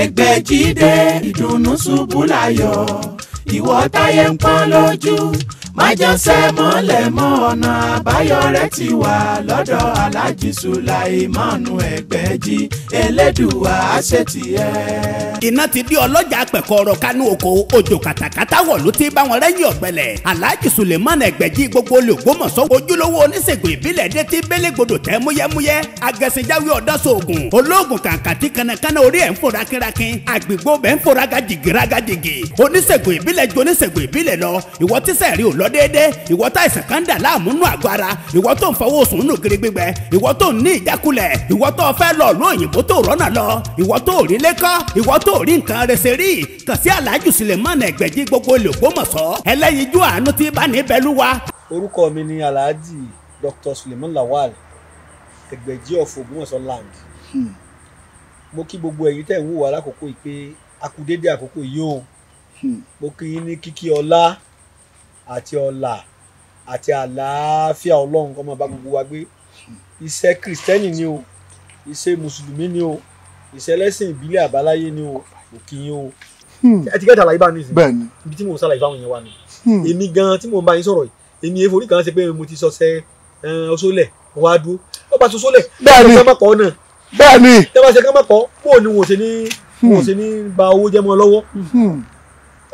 ẹgbẹ́ jíde ìdùnnú ṣubú láyọ̀ ìwọ táyé ń pọ́n lójú májànsẹ́ mọ́lẹ̀ mọ́ ọ̀nà àbáyọ rẹ̀ ti wà lọ́dọ̀ aláàjì sùláìmánu ẹgbẹ́jì elédùwà àṣetì ẹ. iná ti di ọlọ́jà pẹ̀kọ́rọ̀ kánú oko òjò kàtàkàtà wọ̀ ló ti bá wọn rẹ́yìn ọ̀pẹ̀lẹ̀ aláàjì sùláìmánu ẹgbẹ́jì gbogbo olùgbòmọ̀sọ́ ojúlówó oníṣègùn ìbílẹ̀ dé ti bẹ́lẹ̀ gbọdọ̀ tẹ́ múyẹ́múyẹ́ agẹsẹ̀jáwé ọ̀dọ́sọ̀ọ̀gùn olóògùn kàǹkàtì kanakana orí ẹ̀ ń fò rákínrákín àgbègbè ọbẹ̀ ń fò rágàjìgì rágàjìgì oníṣègùn ìbílẹ̀ ju oníṣègùn ìbílẹ̀ lọ ìwọ tíṣẹ̀ rí ò lọ lọ déédéé ìwọ tá àìsàn kan dà láàmú nù àgọ́ ara ìwọ tó ń fọwọ́ sùn nù kiri gbígbẹ ìwọ tó ń ní ìjákulẹ̀ ìwọ tó fẹ́ lọ ló òyìnbó tó rọ́nà lọ ìwọ tó rí lẹ́kọ́ ìwọ tó rí nǹkan rẹsẹ̀ rí kàn sí aláàjù Suleiman Ẹgbẹ̀jì gbogbo l'Ògbómọ̀ṣọ́ ẹlẹ́yinjú àánú tí bá ní bẹ́lúwa. orúkọ mi ni aláàjì Dr. Suleiman Lawal Ẹgbẹ̀jì of Ògbómọ̀ṣọ́ land hmm. mo kí gbogbo ẹ̀yin tẹ̀ ń wò wá lákòókò yìí pé akudédé àkókò àti ọlà àti àlàáfíà ọlọ́run kó máa bá gbogbo wa gbé iṣẹ́ kristẹni ni o iṣẹ́ mùsùlùmí ni o iṣẹ́ ẹlẹ́sìn ìbílẹ̀ àbáláyé ni o òkì yín o. Hmm. ẹ ti kẹ́ta àlàyé bá mi sìn bẹ́ẹ̀ni ibi tí mo sàlàyé fáwọn èèyàn wa ni hmm. èmi gan tí mo bá yín sọ̀rọ̀ yìí èmi èèfò orí kan ṣe pé mo ti sọsẹ ọsọlẹ̀ wá dúró wọ́n bá sọsọlẹ̀ bẹ́ẹ̀ni bẹ́ẹ̀ni tẹ́wọ́n ṣe kán mọ̀kọ́ bóò ni wọ́n hmm. ṣe ní ba owó jẹ́ mọ́ lọ́wọ́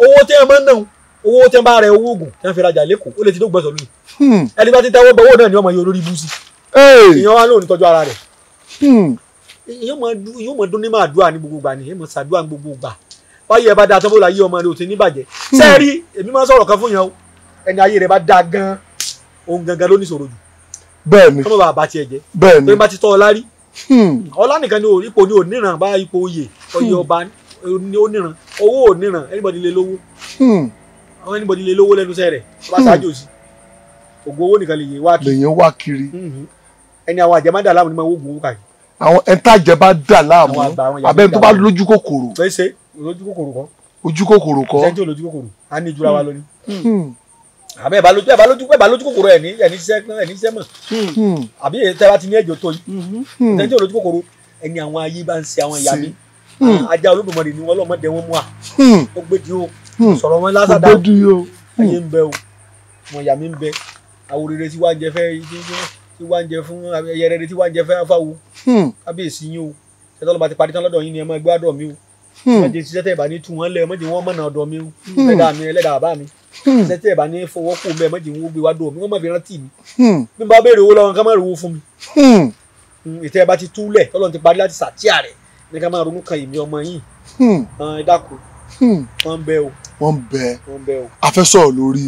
owó tẹ́ ẹ máa ń náà owó tí wọ́n bá rẹ owó oògùn tí wọ́n fi rajà lẹ́kọ̀ọ́ ó lè ti tó gbẹ̀sọ̀ lóyún hmm. ẹni bá ti tẹ́wọ́ bọ́wọ́ náà ni ọmọ yìí olórí búsí èèyàn wá lóun tọ́jú ara rẹ̀ hmm. yóò mọ dún ní máa dúà ní gbogbo gbà ní èèmọ̀ sàdúà ní gbogbo gbà báyìí ẹ bá da tán bó la yí ọmọ rẹ ò ti ní bàjẹ́ sẹ́ẹ̀rí hmm. èmi máa ń sọ̀rọ̀ kan fún yẹn o ẹni ayé rẹ bá da gan òun gangan ló ní ìṣòro jù bẹ́ẹ̀ni ọmọ bàbá tiẹ̀ jẹ́ bẹ́ẹ̀ni pé bá ti tọ́ ọ lárí ọlá nìkan ni ipò ni òníran bá ipò oyè oyè ọba oníran owó òníran anybody lè lówó àwọn anybody lè lówó lẹ́nu sẹ́rẹ̀ tó bá ṣáájú sí ògùn owó nìkan lè yé wá kiri. lèyìn wá kiri. ẹni àwọn àjẹmá dà láàmú ni máa ń wógun owó káyìí. àwọn ẹni tá àjẹmá dà láàmú abẹ́ni tó bá lójú kòkòrò. fẹsẹ̀ lójú kòkòrò kọ́. ojú kòkòrò kọ́. sẹ́ńtì olójú kòkòrò á ní ìjura wa lọ ni. àbẹ́ ẹ̀ bá lójú ẹ̀ bá lójú ẹ̀ bá lójú kòkòrò ẹ̀ ní ẹ̀ ní sẹ́ mọ̀. Hmm. àbí tẹ́ bá ti ní ẹ̀jọ̀ tó yìí. sẹ́ńtì hmm. hmm. olójú kòkòrò ẹni àwọn ayé bá ń ṣe àwọn ìyá mi. ajá Olódùmarè ni wọ́n lọ́mọdé wọn mú wa. ó gbé di o Hmm. sọ̀rọ̀ wọn lásàdá ayé hmm. ń bẹ o mọ̀yà mi ń bẹ àwòrere tí wàá jẹ fẹ́ tí wàá jẹ fún ẹyẹ rere tí wàá jẹ fẹ́ fáwo hmm. kábíyèsí yín o ṣètò ọlọ́ba ti parí tán lọ́dọ̀ yín ni ẹ máa gbé àdọ̀ mi o wọ́n jẹ ṣiṣẹ́ tẹ̀ ní tu wọ́n lẹ̀ mọ́jì wọ́n mọ̀nà ọ̀dọ̀ mi o ẹlẹ́dàá mi ẹlẹ́dàá bàbá mi ṣiṣẹ́ tẹ̀ ní fọwọ́ kù mẹ́ mọ́jì wọ́n gbé wá dọ̀ mi wọ́n mọ̀ rántí mi bí n bá béèrè owó lọ́wọ́ nǹkan má rówó fún mi ìtẹ́ ẹ bá ti túlẹ̀ tọ́lọ́run ti parí láti sàtíà rẹ̀ ní ká máa ronú kan ìmí ọmọ yìí ẹ dákun wọ́n ń bẹ o wọ́n bẹ afẹ́sọ̀rọ̀ lórí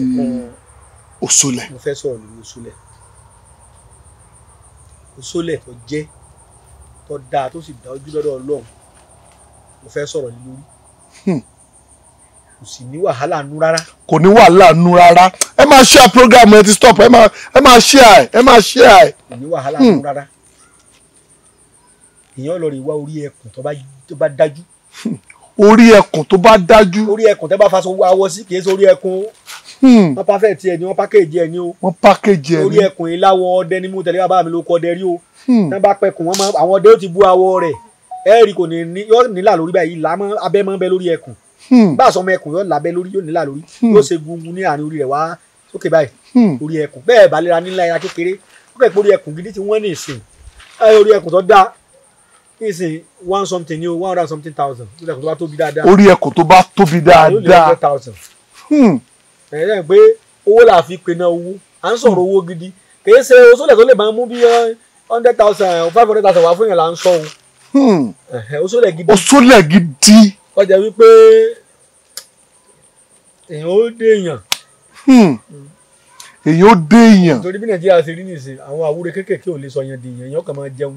òṣòlẹ̀. mo fẹ́ sọ̀rọ̀ lórí òṣòlẹ̀ òṣòlẹ̀ tó jẹ́ tó dáa tó sì dá ojú lọ́dọ̀ ọlọ́run mo fẹ́ sọ̀rọ̀ lórí hmm. kò sì ní wàhálà nu rárá. kò ní wàhálà nu rárá ẹ máa ṣíà programu ẹ ti stop ẹ máa ẹ máa ṣíà ẹ ẹ máa ṣíà ẹ. kò ní wàhálà nu hmm. rárá èèyàn lọ rè wá orí ẹkùn tó bá dájú hmm orí ẹkùn tó bá dájú. orí ẹkùn tẹ́ bá fa awọ sí kì í sórí ẹkùn. Hmm. wọ́n pàfẹ́ẹ̀tì ẹ̀ ni wọ́n pákéjì ẹ̀ ni o. wọ́n pákéjì ẹ̀ ni. orí ẹkùn yìí láwọ ọdẹ ni mú tẹ̀lé bàbá mi ló kọ ọdẹ rí o. Hmm. tẹ́ bá pẹkùn wọn mọ àwọn ọdẹ ó ti bú awọ rẹ̀ ẹ rí kò ní yọ nílà lórí báyìí làmọ abẹ́ mọ́ bẹ lórí ẹkùn. Hmm. bá a sọ ọmọ ẹkùn yọ làbẹ́ lórí yóò nílà lórí yóò ṣe gungun ní àárín orí rẹ̀ wá sókè báyìí orí ẹkùn bẹ́ẹ̀ balẹ̀ ra nílà ẹ̀ra kékeré ó kẹ́ pé orí ẹkùn gidi ti wọ́n ní ìsìn orí ẹkùn tó dáa nísìnyí one something ni o one hundred something thousand orí ẹ̀kọ́ tó bá tóbi dáadáa. orí ẹ̀kọ́ tó bá tóbi dáadáa. ló lè hundred thousand. Hmm. ẹ̀rẹ́ pé owó là fi pinna owó à ń sọ̀rọ̀ hmm. owó gidi kì í ṣe oṣooṣẹ́ tó lè máa mú bí uh, hundred thousand uh, five hundred thousand wá fún yàn là ń sọ o. Hmm. oṣooṣẹ́ gidi. oṣooṣẹ́ gidi. ọjà wípé èèyàn ó dé èèyàn. èèyàn ó dé èèyàn. torí bí nàìjíríà ṣe rí nìsín àwọn àwúre kéékèèké ò lè sọ yẹn di èèyàn èèyàn kàn máa jẹun.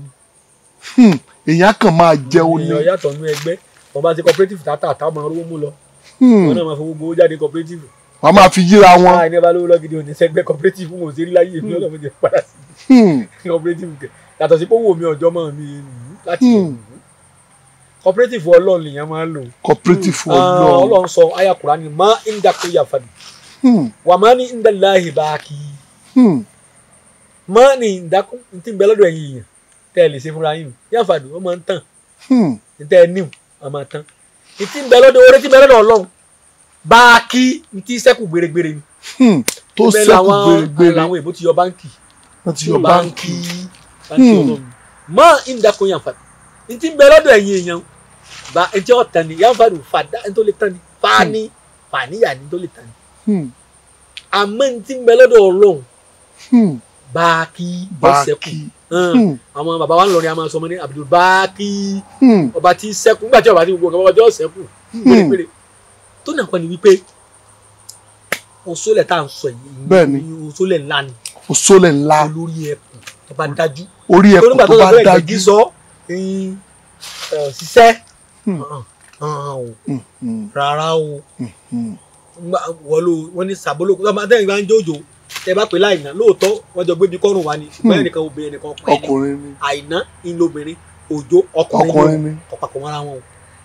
Hmm, èèyàn kàn máa jẹ o ní. èèyàn yàtọ̀ nínú ẹgbẹ́ wọn bá ti cooperative tààtà tá máa rówó mú lọ hmm. wọn náà máa fowó gbowó jáde cooperative. wọn máa fi yíra wọn. àìní ah, bá lówó lọ́gìdì òní sẹ́gbẹ́ cooperative wọn ò sí rí láyé èmi hmm. ọlọ́mọ jẹ padà sí cooperative kẹ yàtọ̀ sí pọ́wọ́ mi ọjọ́ mọ́ mi láti cooperative ọlọ́run lèèyàn máa ń lò. cooperative ah, ọlọ́run ọlọ́run sọ ayakura ni má ń dàkó yàfàdì wà má ní ń dàláhì báàkì má ní ń dàkó ń tí ń bẹ lọ́dọ̀ ẹ̀yìn yẹn tẹ́ ẹ lè ṣe fúnra yín yáfàdù ó máa ń tàn hmm. tẹ́ ẹ níwò ó máa tán ìtì ń bẹ lọ́dọ̀ orí tí ń bẹ lọ́dọ̀ ọlọ́run bá a kí n ti sẹ́kù gbèrègbèrè ni. Hmm. tó sẹ́kù gbèrègbèrè àwọn èbó ti yọ báńkì ti yọ báńkì mọ ìdàkùn yànfàdù ìtì ń bẹ lọ́dọ̀ ẹ̀yìn èèyàn bá ẹtí ọ̀tàn ni yànfàdù fàdá ẹni tó lè tán ni fani hmm. fàníyà ni tó lè tán ni àmọ́ ìtì ń bẹ lọ́dọ̀ ọlọ́run bá a kí ó sẹ́kù Hmm. Hmm. àwọn bàbá wa ń lọrin a máa sọ ọmọ ní Abdulbaki hmm. ọba tí sẹ́kù nígbà tí ọba tí gbogbo ọba tí ó sẹ́kù pérépéré tó nà pẹ́ ni wípé òṣòlẹ̀ tá à ń sọ yìí òṣòlẹ̀ ńlá ni òṣòlẹ̀ ńlá olórí ẹkùn tó bá dájú orí ẹkùn tó bá dájú sọ ṣiṣẹ́ rárá o wọ́n ní sàbólókù tó máa tẹ́yìn bá ń jójo tẹ bá pè láìná lóòótọ́ wọ́n jọ gbé mi kọ́rùn wa ni ṣùgbọ́n hmm. ẹnìkan obìnrin ẹnìkan ọkùnrin ni àìná ìlóbìnrin òjò ọkùnrin ni ọ̀pàpọ̀ mọ́ra wọn o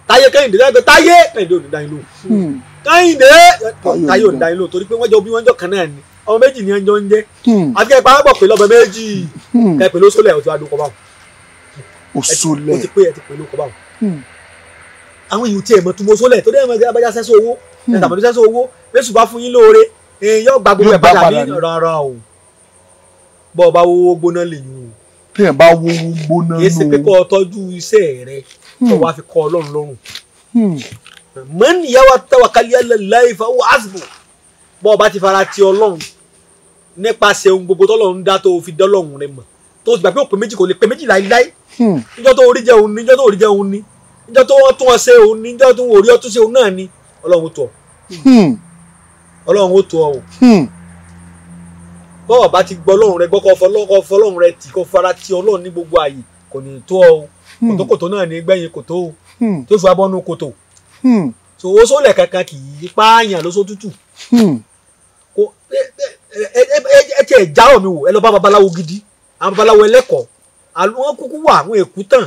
táyé kẹ́hìndé dáyé táyé kẹ́hìndé ò ní dáyé lóhùn hmm. kẹ́hìndé táyé ò ní dáyé lóhùn torí pé wọ́n jọ bí wọ́n jọ kan náà ni ọmọ méjì ni ẹjọ́ ń jẹ́ hmm. àti ẹ̀pá bọ̀ pé lọ́bẹ̀ méjì ẹ̀pẹ̀ ló sólẹ̀ ọ̀tún adókọ̀ báwọn òsólẹ̀ ó ti pé ẹ̀ ti pè lóko báwọn àwọn èèyàn tiẹ̀ mọ̀ tó mọ́ sólẹ̀ tó dẹ́ mọ̀ abájá sẹ́sọ owó ẹ̀tàmọ̀dé sẹ́sọ owó mẹ́sùn bá fún yín lóore èèyàn gba gbogbo ẹ̀ padà ní rárá o bọ́ ọ bá wọ́wọ́ gbóná lè yún o. téèyàn bá wọ́wọ́ gbóná lò. èsì pé kọ́ ọ tọ́jú iṣẹ́ rẹ kọ́ hmm. wàá fi kọ́ ọlọ́run lọ́rùn. Hmm. man yatawakkal 'ala Allahi fahuwa hasbuh bọ́ ọ bá ti fara ti ọlọ́run nípasẹ̀ ohun gbogbo tọ́lọ́run dá tó fi dọ́lọ́run rẹ mọ̀ tó gbà pé òpè méjì kò lè pè méjì láíláí níjọ́ hmm. tó orí jẹ́ òun níjọ́ tó orí jẹ́ òun ní níjọ́ tó wọ́n tún ọ ṣe òun ní níjọ́ tó orí ọ tún ṣe òun náà ní ọlọ́run tó ọ ọlọ́run ó tó ọ o hmm. bọ́ọ̀ bá ti gbọ́ ọlọ́run rẹ gbọ́ kọ́ fọlọ́run rẹ tì kọ́ fara ti ọlọ́run ní gbogbo ààyè kò ní tó ọ o hmm. kòtòkòtò náà ní gbẹ̀yìn kòtò o hmm. tó fi abọ́nú kòtò sòwò sólẹ̀ kankan kì í pààyàn lóṣó tútù ẹ tiẹ̀ jáwọ̀ mi wò ẹ lọ bá babaláwo gidi àwọn babaláwo ẹlẹ́kọ̀ọ́ àwọn kúkú wà àwọn èkú tàn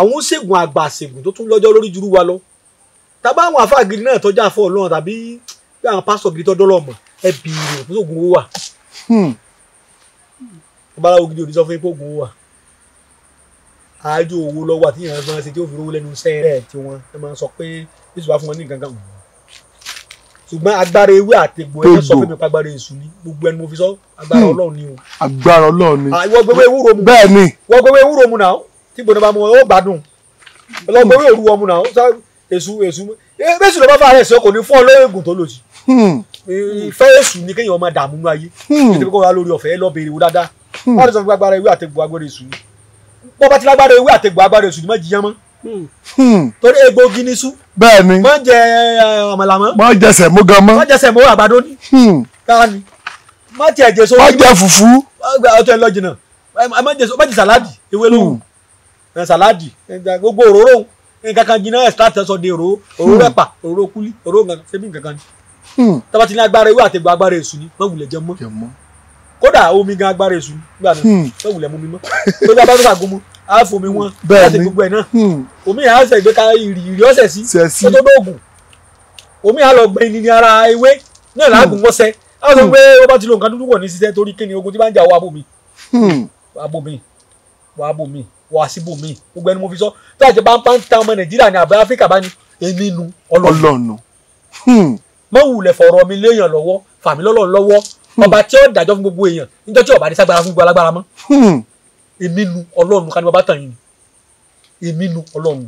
àwọn ṣègùn àgbà ṣègùn tó tún lọ́jọ́ lórí jùrú wa lọ tàbá àwọn àfáà gidi náà tọ́jú àfọ̀ ọlọ́run tàbí bí àwọn pásítọ̀ gidi tọ́dọ́ lọ́mọ ẹ bìrì fún oògùn owó wà. Hmm. babaláwo gidi òní sọ fún yín pé oògùn owó wà. àájò owó lọ́wọ́ àti ìyàrá máa ṣe tí ó fi rówó lẹ́nu iṣẹ́ rẹ̀ tí wọ́n ẹ máa sọ pé yíṣu bá fún wọn ní nǹkan kan wù. ṣùgbọ́n agbára ewé àtẹ̀gbọ́ ẹ sọ fún mi pé agbára èṣù ni gbogbo ẹni mo fi sọ agbára hmm. Ọlọ́run ni o. agbára Ọlọ́run ni. Ah, wọ́n gbẹ́wé ewúro mu. mu náà tí gbọ̀dọ̀ Hmm. ìfẹ́ èṣù ni kéèyàn ọmọ dààmú ní ayé ètò hmm. ìkọ́ra lórí ọ̀fẹ́ lọ́bẹ̀rẹ̀ wò dáadáa hmm. wọ́n ti sọ fún agbára ewé àtẹ̀gbò agbára èṣù ni bọ́ bá ti lágbára ewé àtẹ̀gbò agbára èṣù ni má jiyàn mọ́ torí egbògi ni sú bẹ́ẹ̀ni má jẹ ọ̀mọ̀là mọ́ má jẹsẹ̀ mú gan mọ́ má jẹsẹ̀ mú àgbàdo ni káà ni má tiẹ̀ jẹ sórí má jẹ fùfú ọtọ ẹ lọ jìnnà má jẹ sàládì ewé lóhùn sàládì gbogbo òróró nǹkan kan jìnnà ẹ̀ sàtẹ̀sọ̀ de òróró rẹ̀pà òróró kúlí òróró nǹkan ṣẹ́bí nǹkan kan ni. Hmm. tọ́ba ti ní agbára ewé àtẹ̀gbọ́ agbára èṣù ni má wulẹ̀ jẹ mọ́ kódà omi gan agbára èṣù ni gbà mí hmm. má wulẹ̀ mú mi mọ́ tó bá bá tó bá gómọ á fomi wọn láti gbogbo ẹ̀ náà hmm. omi yà á sẹ̀ gbé ká ìrì ọ̀sẹ̀ sí tó tó dóògùn omi yà á lọ gbẹ̀yìn ní ara ewé náà láàgùn wọ́sẹ̀ á sọ pé ó bá ti lo nǹkan dúdú wọ̀ ní ṣiṣẹ́ torí kíni ogun tí bá ń jà wà bò mí wà bò mí wà bò mí wà síbò mí gbogbo ẹni mo fi sọ tó àjẹbá ń pa ń ta ọmọ Nàìjíríà ní àbẹ Áfíríkà bá ní ẹni nu Ọlọ́run mọ̀wùlẹ̀ fọ̀rọ̀ mi léèyàn lọ́wọ́ fàmí lọ́lọ́ lọ́wọ́ hmm. ọba tí ó dájọ́ fún gbogbo èèyàn níjọ́ tí ọba adéṣàgbára fún gbogbo alágbára mọ́ hmm. èmi nu ọlọ́run ká ní bàbá tàn yín ni èmi nu ọlọ́run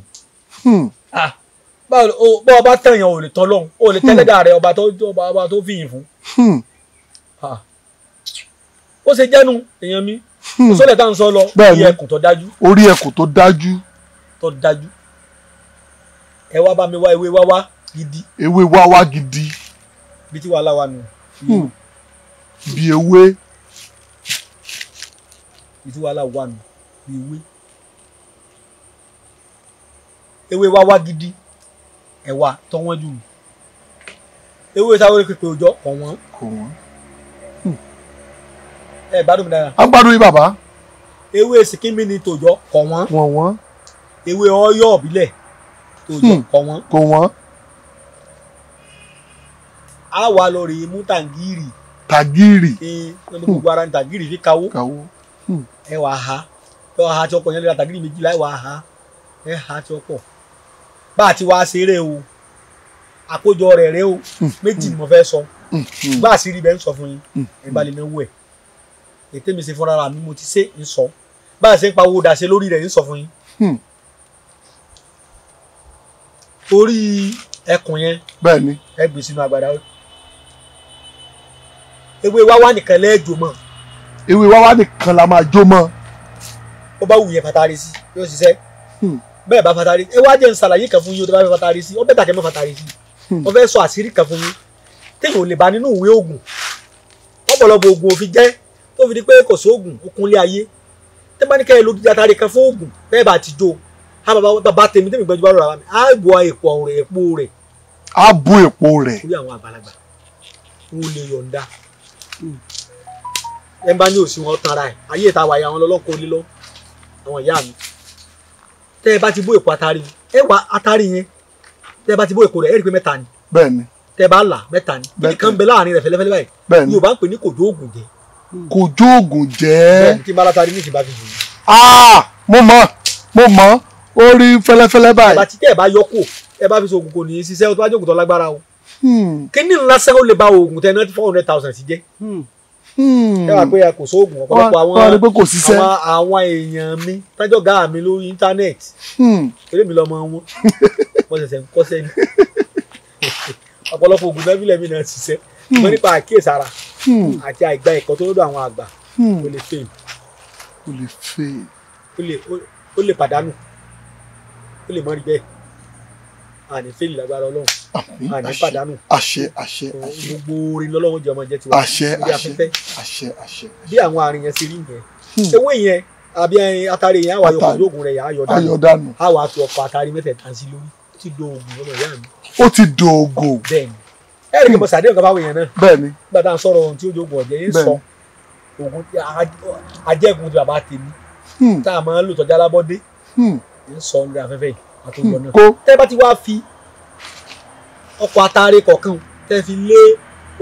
hmm. ah, bá ọba tàn yàn ò lè tán lọ́run ò lè tẹ́lẹ́dà rẹ ọba tó fìyìn fún ah. ó ṣe jẹ́nu èèyàn mi kò sọ́lẹ̀ tá à ń sọ lọ orí ẹkùn tó dájú orí ẹkùn tó dájú tó dájú ẹ wá bá mi wá ewé wá wá gidi. ewé wá wá gidi. bí tí wàhálà wà nù. Hmm. bí ewé. bí tí wàhálà wà nù bí ewé. ewé wá wá gidi ẹ̀wà tọ́wọ́n jù ewé sáwọ́rẹ́ pépé òjọ́ kọ̀ wọ́n. kò wọ́n. Hmm. ẹ gbádùn mi dára. a gbádùn yín bàbá. ewé sìkínmí ni tòjọ́ kọ̀ wọ́n. wọ̀n wọ́n. ewé ọyọ́ ọ̀bílẹ̀ tòjọ́ hmm. kọ̀ wọ́n. kò wọ́n a wà lórí mú tàǹgìrì. tàǹgìrì. ee wọn ní gbogbo ara ní tàǹgìrì fi kawó. kawó. Hmm. ẹ wà á ha ẹ wà á ha tí ọkọ yẹn lè ra tàǹgìrì méjìlá ẹ wà á ha ẹ ha tí ọkọ bá a ti wá ṣeré o àkójọ rẹ̀ rẹ o hmm. méjì ni mo hmm. fẹ́ sọ bá a sì rí bẹ́ẹ̀ ń sọ fún yín ẹ bá lè náwó ẹ̀ ètè mi ṣe fúnra mi mo ti ṣe ń sọ bá a ṣe ń pa owó dàṣe lórí rẹ̀ ń sọ fún yín orí ẹkùn yẹn ẹ gbé sínú agbada ewé wáwá nìkan lẹ́ẹ̀jọ mọ́. ewé wáwá nìkan la máa jó mọ́. ó bá wù yẹn fatari sí yóò ṣiṣẹ́ hmm. bẹ́ẹ̀ bá fatari ẹ wá jẹ́ nsàlàyé kan fún yín o tó bá fẹ́ fatari sí ó bẹ́ẹ̀ tàkẹ́ mọ́ fatari sí hmm. ó fẹ́ sọ àṣírí kan fún yín téèyàn ò lè bá nínú ìwé oògùn ọ̀pọ̀lọpọ̀ oògùn òfin jẹ́ tó fi di pé kò sóògùn okunlé ayé tẹ́ bá ní kẹ́hìn lójú atari kan fún oògùn bẹ́ẹ̀ bá ti jó a bàbá bàbá tèmi tèmi gbẹ́jú bá rọra mi a bọ èpo rẹ̀ èpo rẹ̀. a bọ èpo rẹ̀. orí àwọn àgbàlagbà wọn ò lè yọ̀ǹda ẹ bá ní òsì wọn tanra ẹ ayé ìta wàyà wọn lọlọ́kọ orí àwọn ìyá mi tẹ ẹ bá ti bó èpo atari ẹ wà atari yẹn tẹ ẹ bá ti bó èpo rẹ ẹ rí i pé mẹ́ta ni. bẹ́ẹ̀ni. tẹ ẹ bá là mẹ́ta ni ibi kan bẹ láàrin rẹ fẹlẹfẹlẹ báyìí. bẹ́ẹ̀ni yóò bá ń pè ní kòjó ògùn jẹ. kòjó ògùn jẹ. bẹ́ẹ̀ni tí n bá látari ní ìsìnbá fi jù. aa ah, mo mọ mo mọ ó fẹlẹfẹlẹ báyìí. àbàtí tẹ ẹ bá yọ kó ẹ bá fi so ògùn kò ní í ṣiṣẹ́ ó tó bá jókòó tó lágbára o. Hmm. kíní ńlá sẹ́wọ́n lè ba oògùn tẹ̀ náà four hundred thousand ti jẹ́ hmm. Hmm. ẹ wà pé kò sóògùn ọ̀pọ̀lọpọ̀ àwọn àwọn èèyàn mi tájọ́ gá mi lórí íńtánẹ́ẹ̀tì eré mi lọ́mọ wọn mo ṣẹ̀ṣẹ̀ ń kọ́sẹ́ ni ọ̀pọ̀lọpọ̀ oògùn náà bílẹ̀ mi náà ṣiṣẹ́ mo nípa àkíyèsára àti àìgbà ẹ̀kọ́ tó lọ́dọ̀ àwọn àgbà o lè fail ó lè fail ó lè pàdánù ó lè mọ́ rí bẹ́ẹ̀ àní fail lágbára ọlọ́run àní pàdánù àṣẹ àṣẹ àṣẹ gbogbo orin lọ́lọ́run jẹ́ ọmọ jẹ́ tiwa àṣẹ àṣẹ àṣẹ àṣẹ bí àwọn àrùn yẹn ti rí yẹn hmm. ewé yẹn àbí atari yẹn àwọn ayọkùnrin oògùn rẹ yẹn ayọdànù àwọn àti ọkọ atari mẹ́tẹ̀ẹ̀ta sí lórí ó ti do oògùn ọmọ ìyá mi. ó ti do oògùn. bẹ́ẹ̀ni ẹrí kò sàdé nǹkan fáwọn èèyàn náà. bẹ́ẹ̀ni nígbà tá à ń sọ̀rọ̀ ohun tí ó jogun ọjẹ yín sọ oògùn ajẹgun ti bàbá tèmi hmm. tá a máa ń lò tọjá alábọ́dé hmm. ń sọ lórí afẹ́fẹ́ yìí àtòjọ náà tẹ́ fi ọkọ̀ atare kọ̀ọ̀kan tẹ́ fi lé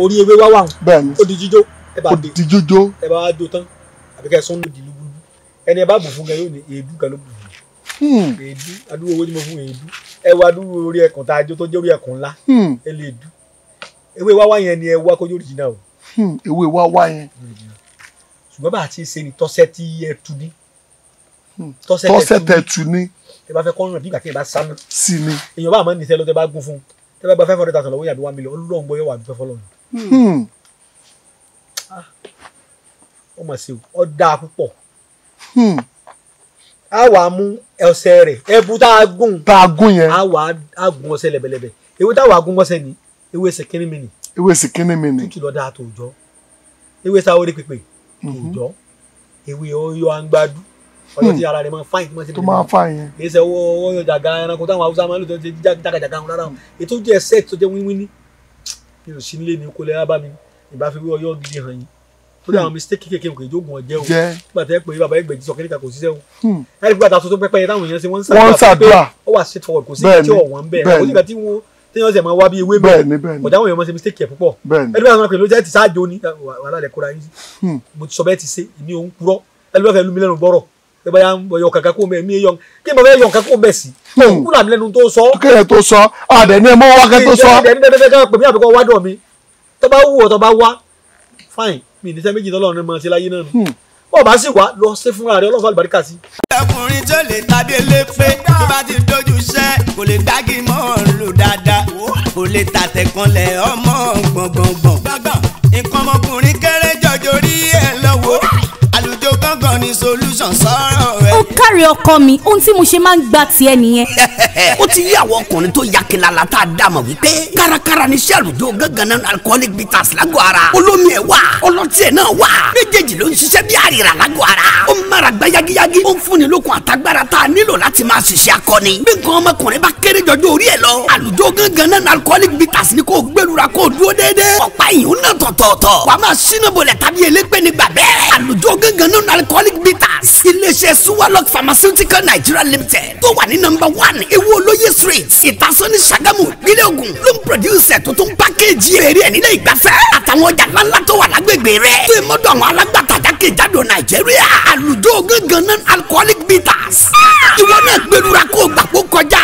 orí ewé wá wà ń ó di jíjó ẹ bá dé ó di jíjó ẹ bá jó tán àbí kẹ́ ẹ sọ́n lòdì lúgbúlú ẹni ẹ bá bù fún gan yóò ní èédú kan ló bù fún hmm. èédú adúrú owó tí mo fún èédú ẹ wá adúrú orí ẹkùn tá a jó tó jẹ́ orí ẹkùn ńlá hmm. ẹ lè dú ewé wá wá yẹn ni ẹ wá kójú òrìjìnà o. Hmm, ewé wá wá yẹn. ṣùgbọ́n bá a ti ṣe ni tọ́sẹ̀ tí ẹ tu ní. tọ́sẹ̀ tẹ tu ní. ẹ bá fẹ́ kọ́ tẹ́ bá gba five hundred thousand lọ́wọ́ yàbí one million ọlọ́run gbọ́ yóò wà dúpẹ́ fọlọ́run. Hmm. Ah. ó mà ṣe o ọ dáa púpọ̀ hmm. a wà á mú ọṣẹ rẹ̀ ẹbu tá a gùn tá a gùn yẹn a wà á gùn ọṣẹ lẹ́bẹ̀lẹ́bẹ̀ ewé tá a wà á gùn ọṣẹ ni ewé ẹsẹ̀ kínní mi ni ewé ẹsẹ̀ kínní mi ni tútù lọ́dà àtòjọ́ ewé sáwọ́rẹ́ pípé tòjọ́ mm-hmm. ewé ọyọ́ àǹgbádùn ọjọ́ hmm. tí ara rẹ̀ máa fáyìn tó máa fáyìn yẹn. kì í ṣe owó owó yóò jàgà ẹranko táwọn haúsá máa ń lò tó ń ṣe jágàjàgà wọn rárá o ètò jẹ́ ẹsẹ̀ tó jẹ́ wíwí ní mi ò sí nílé ní kó lẹ́yà bá mi ìbá fi wí ọyọ́ gidi hàn yín tó dé àwọn hmm. mistake kékeré kò ìjógun ọ̀jẹ́ o nígbà tẹ́ pé bàbá ẹgbẹ̀jì sọ kíníkà kò ṣiṣẹ́ o hmm. ẹ̀rí gbàtà tuntun pẹ́pẹ́ táwọn èèyàn ṣe wọ́n ń sàdúrà ó wà straight forward kò sí tí ọ̀wọ́n ń bẹ̀ ó nígbà tí wọ́n téèyàn ṣe máa wá bí ewé mẹ́rin ọ̀dà àwọn èèyàn máa ṣe mistake ẹ̀ púpọ̀ ẹ̀rí gbàtà pẹ̀lú jẹ́ ti sáàjò ní wàhálà rẹ̀ kóra yín mo ti sọ bẹ́ẹ̀ ti ṣe èmi bẹ́ẹ̀ bá yọ kàkà kó mẹ́ mi yọ kí n bá bẹ́ẹ̀ yọ kàkà kó mẹ́ sí. Hmm. kúlà mi lẹ́nu tó sọ. kéèyàn tó sọ àdẹ ní ẹmọ wákẹ́ tó sọ. àdẹ ní dẹ́dẹ́dẹ́ ká pèmí àbíkọ́ wádọ̀ mi tó bá wù ọ́ tó bá wá fine mi ní sẹ́méjì tọ́lọ́run ní mọ̀ sí láyé náà hmm. bọ́ ọ bá sì wá lọ sí fúnra rẹ ọlọ́fà àlùbáríkà sí. ọkùnrin tó lè tàdé lé tó bá ti dojú iṣẹ́ kò lè gbági mọ́ lò dáadáa kò lè tàtẹ̀kànlẹ̀ ọmọ gbọ̀ngbọ̀ngbọ̀n nǹkan ọmọkùnrin kéré jọjọ rí ẹ̀ ní solution sọ̀rọ̀ rẹ. ó kárí ọkọ mi ohun tí mo ṣe máa ń gbà tiẹ̀ nìyẹn. ó ti yí àwọn ọkùnrin tó ya tá a dá mọ̀ wípé kárakára ní sẹ́lùjọ́ gángan náà alcoholic bitters lágọ̀ ara olómi ẹ̀ wà ọlọ́tí ẹ̀ náà wà méjèèjì ló ń ṣiṣẹ́ bí àrìrà lágọ̀ ara ó ń mara gba yagiyagi ó ń fúnni lókun àtagbára tá a nílò láti máa ṣiṣẹ́ akọni bí nǹkan ọmọkùnrin bá kéré alcoholic bitters ni lọ́tọ̀ọ̀tọ̀ wàá máa sínú bolẹ̀ tàbí elégbé ní gbàgbẹ́. àlùjọ gángan nínú alcoholic bitters iléeṣẹ́ suwalok pharmaceutical nigeria limited tó wà ní nọ́mbà one ewu olóye street ìtasọ́ni sagamu nílẹ̀ ogun ló ń producer tó tún pákéjì eré ẹ̀ nílẹ̀ ìgbafẹ́ àtàwọn ọjà ńláńlá tó wà lágbègbè rẹ̀ tó ìmọ̀dọ̀ àwọn alágbàtàjà kejìdò nàìjíríà àlùjọ gángan nínú alcoholic bitters ìwọ náà gbẹdúrà kó gbàgbó kọjá